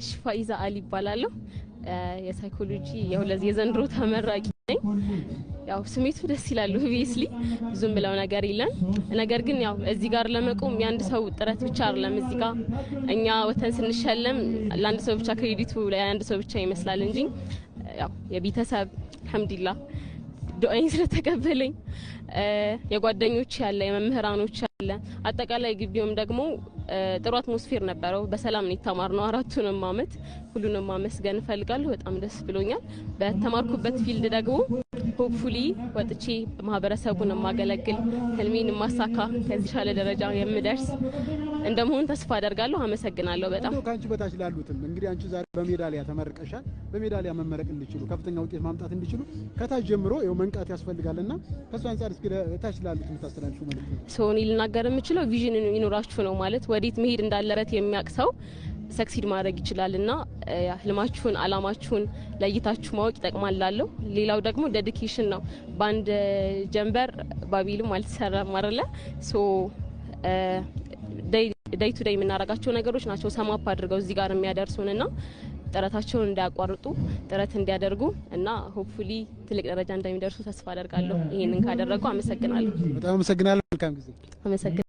እሺ ፋይዛ አሊ ይባላለሁ። የሳይኮሎጂ የዘንድሮ ተመራቂ ነኝ። ያው ስሜቱ ደስ ይላል። ኦብቪስሊ ብዙም ብለው ነገር የለም። ነገር ግን ያው እዚህ ጋር ለመቆም የአንድ ሰው ጥረት ብቻ አይደለም። እዚህ ጋር እኛ ወተን ስንሸለም ለአንድ ሰው ብቻ ክሬዲቱ ለአንድ ሰው ብቻ ይመስላል እንጂ ያው የቤተሰብ አልሐምዱሊላ ዱአይን ስለተቀበለኝ የጓደኞች ያለ የመምህራኖች ያለ አጠቃላይ ግቢውም ደግሞ ጥሩ አትሞስፌር ነበረው። በሰላም ነው የተማርነው አራቱንም አመት። ሁሉንም ማመስገን እፈልጋለሁ። በጣም ደስ ብሎኛል። በተማርኩበት ፊልድ ደግሞ ሆፕፉሊ ወጥቼ ማህበረሰቡን የማገለግል ህልሜን የማሳካ ከዚህ ደረጃ የምደርስ እንደመሆን ተስፋ አደርጋለሁ። አመሰግናለሁ በጣም ከአንቺ በታች ላሉትም እንግዲህ አንቺ ዛሬ በሜዳሊያ ተመርቀሻል። በሜዳሊያ መመረቅ እንዲችሉ ከፍተኛ ውጤት ማምጣት እንዲችሉ ከታች ጀምሮ ው መንቃት ያስፈልጋል ያስፈልጋልና ከሱ አንጻር እስኪ ታች ላሉት የምታስተላልፉ መልዕክት ሰውን ልናገር የምችለው ቪዥን ይኖራችሁ ነው ማለት ወዴት መሄድ እንዳለበት የሚያውቅ ሰው ሰክሲድ ማድረግ ይችላል እና ህልማችሁን አላማችሁን ለይታችሁ ማወቅ ይጠቅማል ላለሁ። ሌላው ደግሞ ዴዲኬሽን ነው። በአንድ ጀንበር ባቢልም አልተሰራም አይደለ? ሶ ደይ ቱ ደይ የምናደርጋቸው ነገሮች ናቸው ሰማፕ አድርገው እዚህ ጋር የሚያደርሱን ና ጥረታቸውን እንዳያቋርጡ ጥረት እንዲያደርጉ እና ሆፕፉሊ ትልቅ ደረጃ እንደሚደርሱ ተስፋ አደርጋለሁ። ይህንን ካደረጉ አመሰግናለሁ። በጣም አመሰግናለሁ። መልካም ጊዜ። አመሰግናለሁ።